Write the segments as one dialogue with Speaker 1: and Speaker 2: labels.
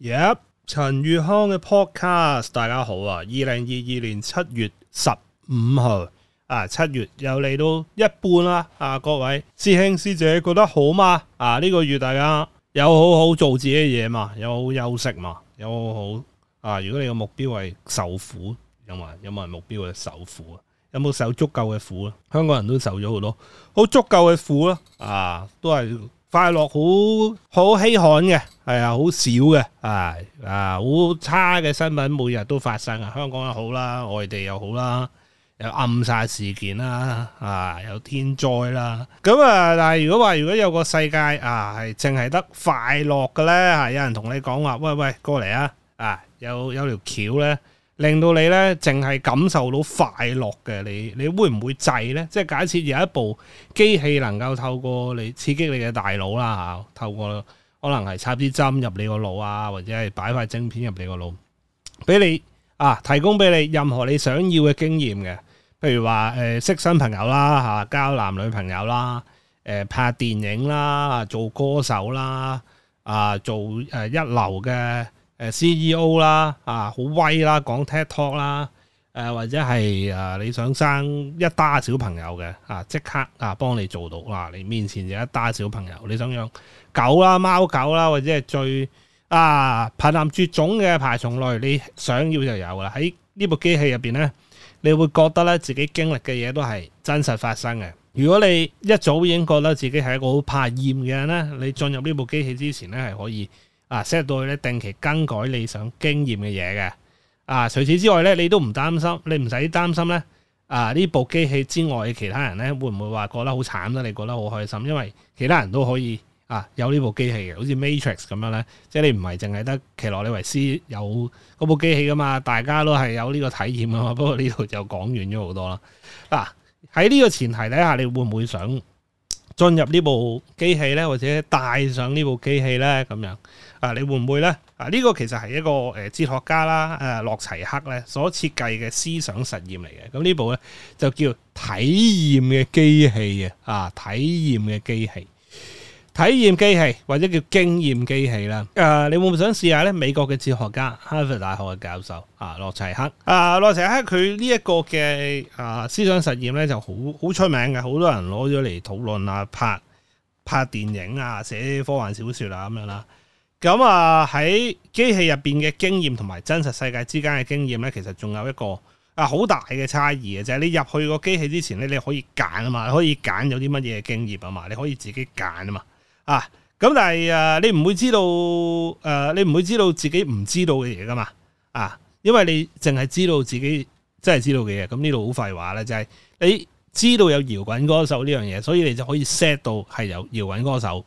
Speaker 1: 耶！陳宇康嘅 podcast，大家好，2022年7月15日啊！二零二二年七月十五號啊，七月又嚟到一半啦！啊，各位師兄師姐，覺得好嗎？啊，呢、這個月大家有好好做自己嘅嘢嘛？有好休息嘛？有好，好啊！如果你個目標係受苦，有冇有冇人目標係受苦啊？有冇受足夠嘅苦啊？香港人都受咗好多，好足夠嘅苦啊，啊都係。快樂好好稀罕嘅，係啊，好少嘅，啊啊，好差嘅新聞每日都發生啊，香港又好啦，外地又好啦，有暗殺事件啦，啊，有天災啦，咁啊，但係如果話如果有個世界啊係淨係得快樂嘅咧，啊，有人同你講話，喂喂，過嚟啊，啊，有啊有條橋咧。令到你咧淨係感受到快樂嘅，你你會唔會制呢？即係假設有一部機器能夠透過你刺激你嘅大腦啦嚇、啊，透過可能係插啲針入你個腦啊，或者係擺塊晶片入你個腦，俾你啊提供俾你任何你想要嘅經驗嘅，譬如話誒、呃、識新朋友啦、啊、交男女朋友啦、啊，拍電影啦、啊，做歌手啦，啊，做，啊做一流嘅。CEO 啦、啊，啊好威啦，講 TikTok 啦、啊，或者係、啊、你想生一打小朋友嘅，啊即刻啊幫你做到啦、啊，你面前有一打小朋友，你想養狗啦、貓狗啦，或者係最啊瀕臨絕種嘅爬蟲類，你想要就有啦。喺呢部機器入面咧，你會覺得咧自己經歷嘅嘢都係真實發生嘅。如果你一早已經覺得自己係一個好怕厭嘅人咧，你進入呢部機器之前咧係可以。啊，set 到咧定期更改你想經驗嘅嘢嘅，啊除此之外咧，你都唔擔心，你唔使擔心咧，啊呢部機器之外嘅其他人咧，會唔會話覺得好慘咧？你覺得好開心，因為其他人都可以啊有呢部機器嘅，好似 Matrix 咁樣咧，即係你唔係淨係得奇洛李維斯有嗰部機器㗎嘛，大家都係有呢個體驗啊嘛。不過呢度就講遠咗好多啦。嗱喺呢個前提底下，你會唔會想進入這部機呢部機器咧，或者帶上這部機呢部機器咧咁樣？啊！你會唔會呢？啊！呢、這個其實係一個誒哲學家啦，啊，洛齊克咧所設計嘅思想實驗嚟嘅。咁、啊、呢部咧就叫體驗嘅機器啊！啊，體驗嘅機器，體驗機器或者叫經驗機器啦。誒、啊，你會唔會想試下呢？美國嘅哲學家哈佛大學嘅教授啊，洛齊克啊，洛齊克佢呢一個嘅啊思想實驗呢，就好好出名嘅，好多人攞咗嚟討論啊，拍拍電影啊，寫科幻小說啊，咁樣啦。咁啊喺機器入邊嘅經驗同埋真實世界之間嘅經驗呢，其實仲有一個啊好大嘅差異嘅，就係、是、你入去個機器之前呢，你可以揀啊嘛，你可以揀有啲乜嘢經驗啊嘛，你可以自己揀啊嘛，啊咁但係啊你唔會知道誒、啊，你唔會知道自己唔知道嘅嘢噶嘛，啊，因為你淨係知道自己真係知道嘅嘢，咁呢度好廢話啦，就係、是、你知道有搖滾歌手呢樣嘢，所以你就可以 set 到係有搖滾歌手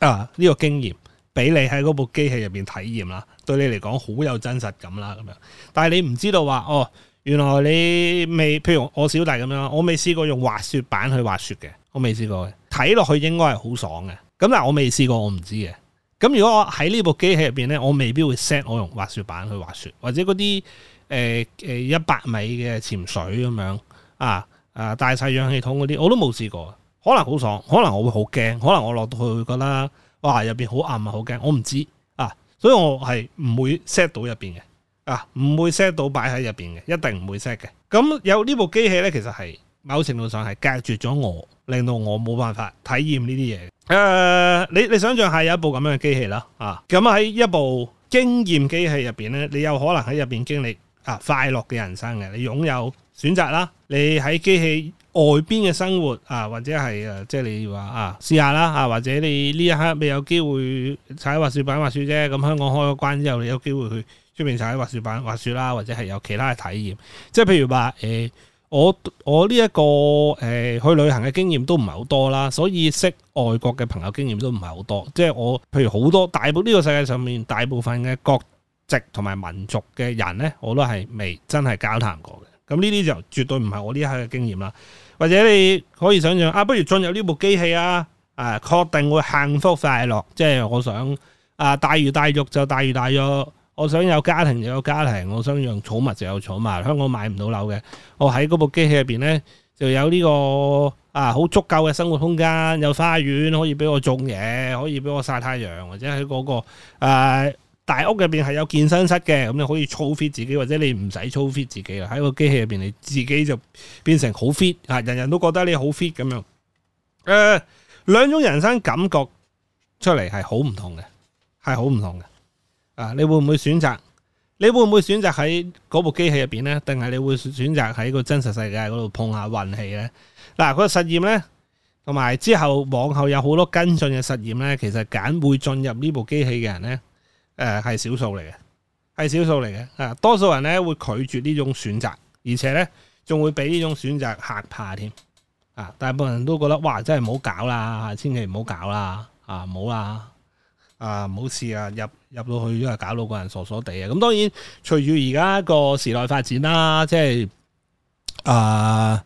Speaker 1: 啊呢、這個經驗。俾你喺嗰部機器入面體驗啦，對你嚟講好有真實感啦，咁樣。但係你唔知道話，哦，原來你未譬如我小弟咁樣，我未試過用滑雪板去滑雪嘅，我未試過嘅。睇落去應該係好爽嘅，咁但係我未試過，我唔知嘅。咁如果我喺呢部機器入面咧，我未必會 set 我用滑雪板去滑雪，或者嗰啲誒誒一百米嘅潛水咁樣啊，啊帶曬氧氣筒嗰啲，我都冇試過。可能好爽，可能我會好驚，可能我落到去會覺得。哇！入邊好暗啊，好驚！我唔知啊，所以我係唔會 set 到入邊嘅啊，唔會 set 到擺喺入邊嘅，一定唔會 set 嘅。咁有呢部機器呢，其實係某程度上係隔絕咗我，令到我冇辦法體驗呢啲嘢。誒、呃，你你想象下有一部咁樣嘅機器啦，啊！咁喺一部經驗機器入邊呢，你有可能喺入邊經歷啊快樂嘅人生嘅，你擁有。選擇啦，你喺機器外邊嘅生活啊，或者係啊，即係你話啊，試下啦啊，或者你呢一刻未有機會踩滑雪板滑雪啫。咁香港開咗關之後，你有機會去出面踩滑雪板滑雪啦，或者係有其他嘅體驗。即係譬如話誒，我我呢一個誒去旅行嘅經驗都唔係好多啦，所以識外國嘅朋友的經驗都唔係好多。即係我譬如好多大部呢個世界上面大部分嘅國籍同埋民族嘅人咧，我都係未真係交談過嘅。咁呢啲就絕對唔係我呢一刻嘅經驗啦，或者你可以想象啊，不如進入呢部機器啊，啊確定會幸福快樂，即係我想啊，大魚大肉就大魚大肉，我想有家庭就有家庭，我想養寵物就有寵物。香港買唔到樓嘅，我喺嗰部機器入面呢就有呢個啊好足夠嘅生活空間，有花園可以俾我種嘢，可以俾我曬太陽，或者喺嗰個啊大屋入邊係有健身室嘅，咁你可以操 fit 自己，或者你唔使操 fit 自己啦。喺個機器入邊，你自己就變成好 fit 啊！人人都覺得你好 fit 咁樣。誒、呃，兩種人生感覺出嚟係好唔同嘅，係好唔同嘅。啊，你會唔會選擇？你會唔會選擇喺嗰部機器入邊呢？定係你會選擇喺個真實世界嗰度碰下運氣呢？嗱、啊，個實驗呢，同埋之後往後有好多跟進嘅實驗呢，其實揀會進入呢部機器嘅人呢。誒係少數嚟嘅，係少數嚟嘅。啊，多數人咧會拒絕呢種選擇，而且咧仲會俾呢種選擇嚇怕添。啊，大部分人都覺得哇，真係唔好搞啦，千祈唔好搞啦，啊唔好啦、啊，啊唔好試啊，入入到去都係搞到個人傻傻地啊。咁當然隨住而家個時代發展啦，即係啊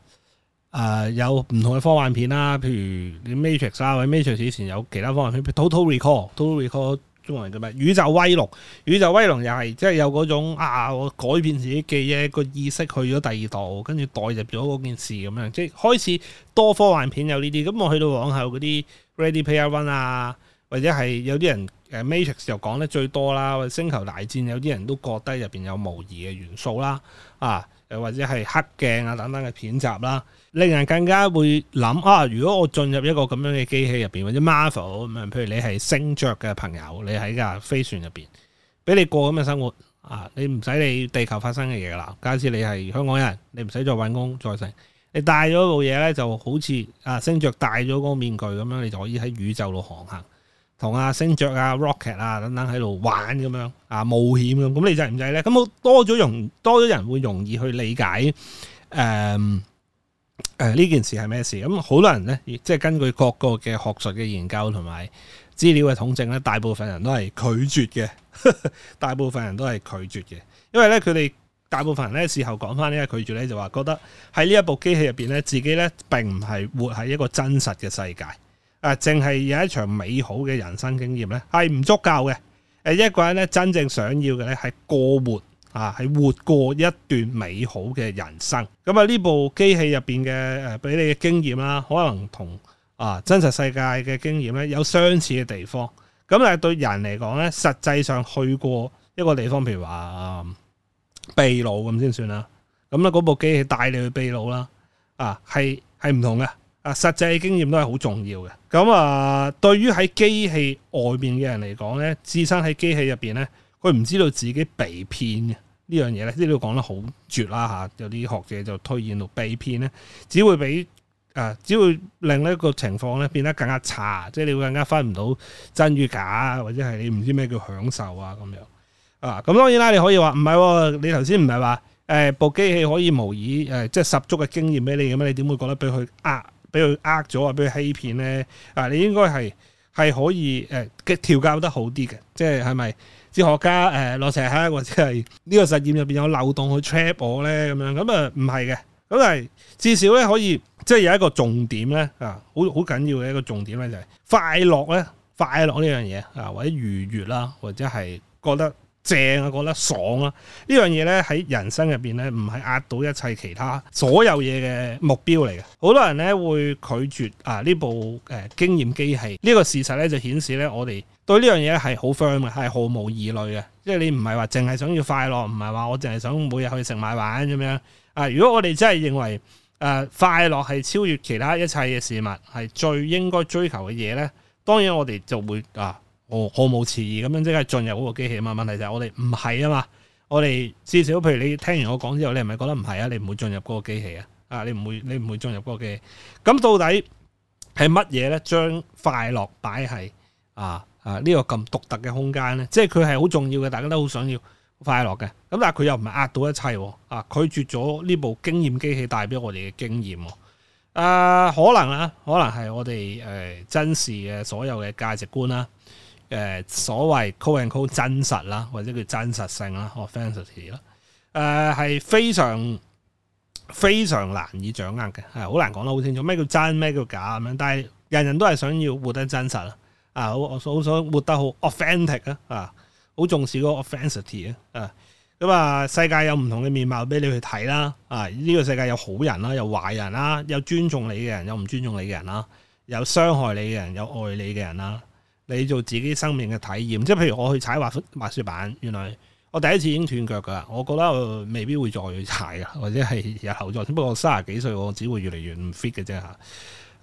Speaker 1: 啊有唔同嘅科幻片啦，譬如《The Matrix》啊，或者《Matrix》以前有其他科幻片，《Total Recall》、《Total Recall》。中文叫咩？宇宙威龍，宇宙威龍又係即係有嗰種啊，我改變自己嘅嘢，個意識去咗第二度，跟住代入咗嗰件事咁樣，即係開始多科幻片有呢啲。咁我去到往後嗰啲 Ready Player One 啊，或者係有啲人誒 Matrix 又講得最多啦，或者星球大戰有啲人都覺得入邊有模擬嘅元素啦，啊，又或者係黑鏡啊等等嘅片集啦。令人更加會諗啊！如果我進入一個咁樣嘅機器入邊，或者 Marvel 咁樣，譬如你係星爵嘅朋友，你喺架飛船入邊，俾你過咁嘅生活啊！你唔使理地球發生嘅嘢噶啦。假設你係香港人，你唔使再搵工再生，你戴咗部嘢咧，就好似啊星爵戴咗嗰個面具咁樣，你就可以喺宇宙度航行，同阿、啊、星爵啊 Rocket 啊等等喺度玩咁樣啊冒險咁。咁你制唔制咧？咁好多咗容多咗人會容易去理解誒。嗯誒、呃，呢件事係咩事？咁、嗯、好多人呢，即係根據各個嘅學術嘅研究同埋資料嘅統證呢，大部分人都係拒絕嘅。 大部分人都係拒絕嘅，因為呢，佢哋大部分人呢，事後講翻呢個拒絕呢，就話覺得喺呢一部機器入邊呢，自己呢並唔係活喺一個真實嘅世界，啊、呃，淨係有一場美好嘅人生經驗呢，係唔足夠嘅。誒、呃，一個人呢，真正想要嘅呢，係過活。啊，係活過一段美好嘅人生。咁啊，呢部機器入邊嘅誒，俾、啊、你嘅經驗啦、啊，可能同啊真實世界嘅經驗咧有相似嘅地方。咁但係對人嚟講咧，實際上去過一個地方，譬如話、啊、秘魯咁先算啦。咁咧，嗰部機器帶你去秘魯啦。啊，係係唔同嘅。啊，實際嘅經驗都係好重要嘅。咁啊，對於喺機器外面嘅人嚟講咧，置身喺機器入邊咧。佢唔知道自己被騙呢樣嘢咧，即係你講得好絕啦吓！有啲學者就推演到被騙咧，只會俾誒，只會令呢一個情況咧變得更加差，即係你會更加分唔到真與假，或者係你唔知咩叫享受啊咁樣啊！咁、嗯、當然啦，你可以話唔係喎，你頭先唔係話誒部機器可以模擬、呃、即係十足嘅經驗俾你嘅咩？你點會覺得俾佢呃，俾佢呃咗啊，俾佢欺騙咧？啊，你應該係係可以調、呃、教得好啲嘅，即係係咪？是學家誒、呃、落石坑，或者係呢個實驗入邊有漏洞去 trap 我咧咁樣咁啊，唔係嘅，咁但係至少咧可以即係、就是、有一個重點咧啊，好好緊要嘅一個重點咧就係快樂咧，快樂呢樣嘢啊，或者愉悅啦，或者係覺得正啊，覺得爽啦呢、啊、樣嘢咧喺人生入邊咧唔係壓到一切其他所有嘢嘅目標嚟嘅，好多人咧會拒絕啊呢部誒、呃、經驗機器呢、這個事實咧就顯示咧我哋。對呢樣嘢係好 firm 嘅，係毫無疑慮嘅。即係你唔係話淨係想要快樂，唔係話我淨係想每日去食買玩咁樣。啊，如果我哋真係認為誒、啊、快樂係超越其他一切嘅事物，係最應該追求嘅嘢咧，當然我哋就會啊，我、哦、毫無遲疑咁樣即刻進入嗰個機器啊嘛。問題就係我哋唔係啊嘛，我哋至少譬如你聽完我講之後，你係咪覺得唔係啊？你唔會進入嗰個機器啊？啊，你唔會你唔會進入嗰個機器？咁到底係乜嘢咧？將快樂擺係啊？啊！呢、這個咁獨特嘅空間咧，即係佢係好重要嘅，大家都好想要快樂嘅。咁但係佢又唔係壓到一切，啊，拒絕咗呢部經驗機器帶俾我哋嘅經驗。誒可能啊，可能係我哋誒、呃、真實嘅所有嘅價值觀啦，誒、呃、所謂 quote unquote 真實啦，或者叫真實性啦，或 authenticity 啦，誒係非常非常難以掌握嘅，係好難講得好清楚咩叫真咩叫假咁樣。但係人人都係想要活得真實啊！ 啊，好！我好想活得好 authentic 啊，啊，好重視個 authenticity 啊，啊，咁啊，世界有唔同嘅面貌俾你去睇啦，啊，呢個世界有好人啦，有壞人啦，有、啊、尊重你嘅人，有唔尊重你嘅人啦，有、啊、傷害你嘅人、啊，有愛你嘅人啦，你做自己生命嘅體驗，即係譬如我去踩滑滑雪板，原來我第一次已經斷腳噶，我覺得我未必會再去踩噶，或者係日後再，不過卅幾歲我只會越嚟越唔 fit 嘅啫嚇，誒、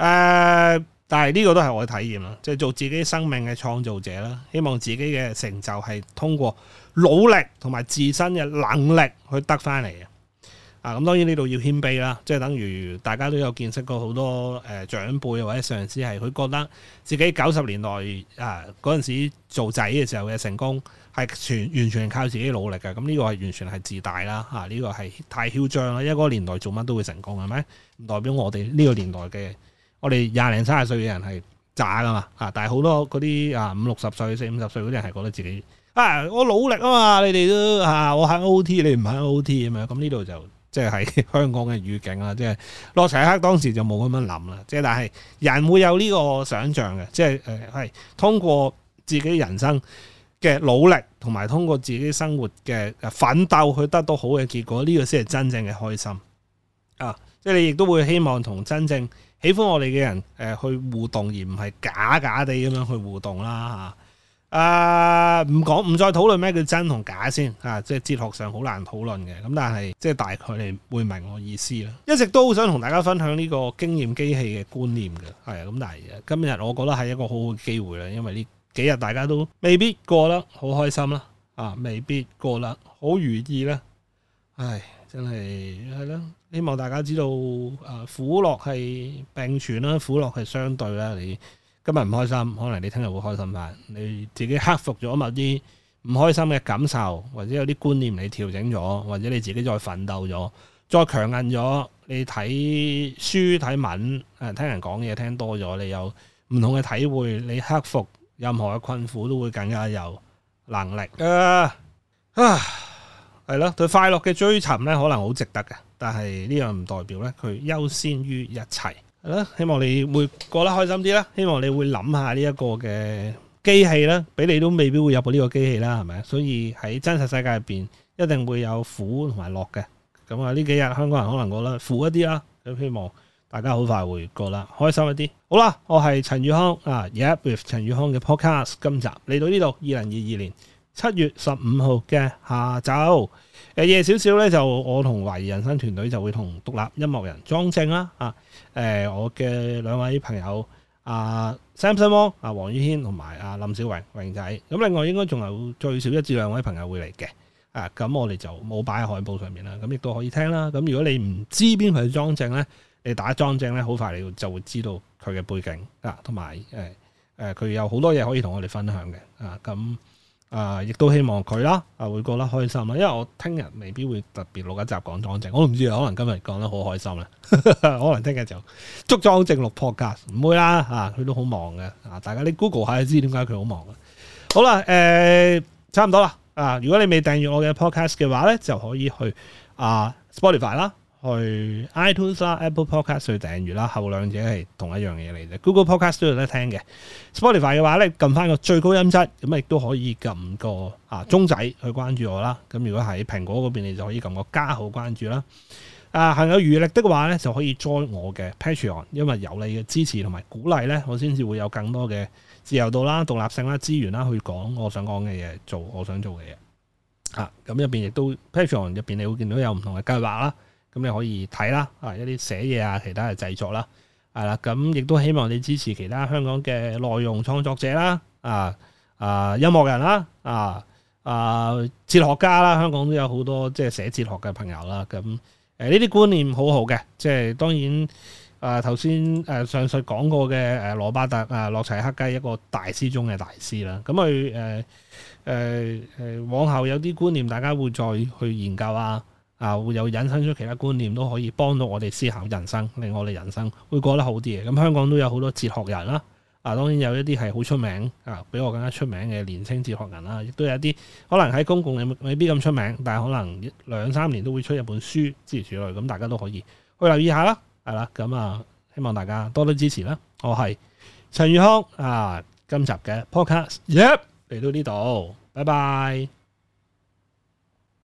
Speaker 1: 啊。但係呢個都係我嘅體驗啦，即係做自己生命嘅創造者啦，希望自己嘅成就係通過努力同埋自身嘅能力去得翻嚟嘅。啊，咁當然呢度要謙卑啦，即係等於大家都有見識過好多誒長輩或者上司係佢覺得自己九十年代啊嗰陣時做仔嘅時候嘅成功係全完全靠自己努力嘅，咁呢個係完全係自大啦吓，呢個係太囂張啦，一個年代做乜都會成功係咪？唔代表我哋呢個年代嘅。我哋廿零三十歲嘅人係渣噶嘛，吓但係好多嗰啲啊五六十歲四五十歲嗰啲人係覺得自己啊，我努力啊嘛，你哋都，吓，我喺 O T 你唔喺 O T 咁啊，咁呢度就即係喺香港嘅語境啦，即係諾齊克當時就冇咁樣諗啦，即係但係人會有呢個想象嘅，即係誒係通過自己人生嘅努力，同埋通過自己生活嘅奮鬥去得到好嘅結果，呢個先係真正嘅開心啊！即係你亦都會希望同真正。喜歡我哋嘅人，誒、呃、去互動而唔係假假地咁樣去互動啦吓，誒唔講，唔再討論咩叫真同假先吓、啊，即係哲學上好難討論嘅，咁但係即係大概你會明我意思啦。一直都好想同大家分享呢個經驗機器嘅觀念嘅，係啊，咁但係今日我覺得係一個好好嘅機會啦，因為呢幾日大家都未必過得好開心啦，啊未必過得好如意啦。唉，真係係啦，希望大家知道，誒苦樂係並存啦，苦樂係相對啦。你今日唔開心，可能你聽日會開心返。你自己克服咗某啲唔開心嘅感受，或者有啲觀念你調整咗，或者你自己再奮鬥咗，再強硬咗。你睇書睇文，誒、呃、聽人講嘢聽多咗，你有唔同嘅體會，你克服任何嘅困苦都會更加有能力啊！呃係咯，對快樂嘅追尋咧，可能好值得嘅。但係呢樣唔代表咧，佢優先於一切。係咯，希望你會過得開心啲啦。希望你會諗下呢一個嘅機器啦，俾你都未必會入到呢個機器啦，係咪啊？所以喺真實世界入邊，一定會有苦同埋樂嘅。咁啊，呢幾日香港人可能覺得苦一啲啦，咁希望大家好快會過得開心一啲。好啦，我係陳宇康啊，而家 with 陳宇康嘅 podcast，今集嚟到呢度，二零二二年，七月十五號嘅下晝，誒夜少少咧，就我同懷疑人生團隊就會同獨立音樂人莊正啦，啊誒我嘅兩位朋友啊 Samson 王啊，黃宇軒同埋阿林小榮榮仔，咁另外應該仲有最少一至兩位朋友會嚟嘅，啊咁我哋就冇擺喺海報上面啦，咁亦都可以聽啦。咁如果你唔知邊位係莊正咧，你打莊正咧，好快你就會知道佢嘅背景啊，同埋誒誒佢有好、啊、多嘢可以同我哋分享嘅，啊咁。啊！亦都希望佢啦，啊，會過得開心啦。因為我聽日未必會特別錄一集講莊正，我都唔知，可能今日講得好開心啦，哈哈，可能聽日就捉莊正六破格，唔會啦。佢、啊、都好忙嘅。啊，大家你 Google 下就知點解佢好忙啦。好啦，誒、呃，差唔多啦。啊，如果你未訂閱我嘅 podcast 嘅話咧，就可以去啊 Spotify 啦。去 iTunes 啦、啊、Apple Podcast 去訂閱啦，後兩者係同一樣嘢嚟嘅。Google Podcast 都有得聽嘅。Spotify 嘅話咧，撳翻個最高音質，咁亦都可以撳個啊鐘仔去關注我啦。咁、啊、如果喺蘋果嗰邊，你就可以撳個加號關注啦。啊，行有餘力的話咧，就可以 join 我嘅 Patreon，因為有你嘅支持同埋鼓勵咧，我先至會有更多嘅自由度啦、獨立性啦、資源啦，去講我想講嘅嘢，做我想做嘅嘢。啊，咁入面亦都 Patreon 入邊，面你會見到有唔同嘅計劃啦。咁你可以睇啦，啊一啲寫嘢啊，其他嘅製作啦、啊，係、啊、啦，咁、啊、亦都希望你支持其他香港嘅內容創作者啦、啊，啊啊音樂人啦，啊啊，啊哲學家啦、啊，香港都有好多即係寫哲學嘅朋友啦、啊，咁誒呢啲觀念好好嘅，即係當然誒頭先誒上述講過嘅誒羅巴特啊洛齊克，係一個大師中嘅大師啦、啊，咁佢誒誒誒往後有啲觀念，大家會再去研究啊。啊，會有引申出其他觀念，都可以幫到我哋思考人生，令我哋人生會過得好啲嘅。咁、啊、香港都有好多哲學人啦，啊，當然有一啲係好出名啊，比我更加出名嘅年輕哲學人啦，亦、啊、都有一啲可能喺公共領域未必咁出名，但係可能兩三年都會出一本書之類咁、啊，大家都可以去留意一下啦。係、啊、啦，咁啊，希望大家多多支持啦。我係陳宇康啊，今集嘅 Podcast YEP，yeah，嚟到呢度，拜拜。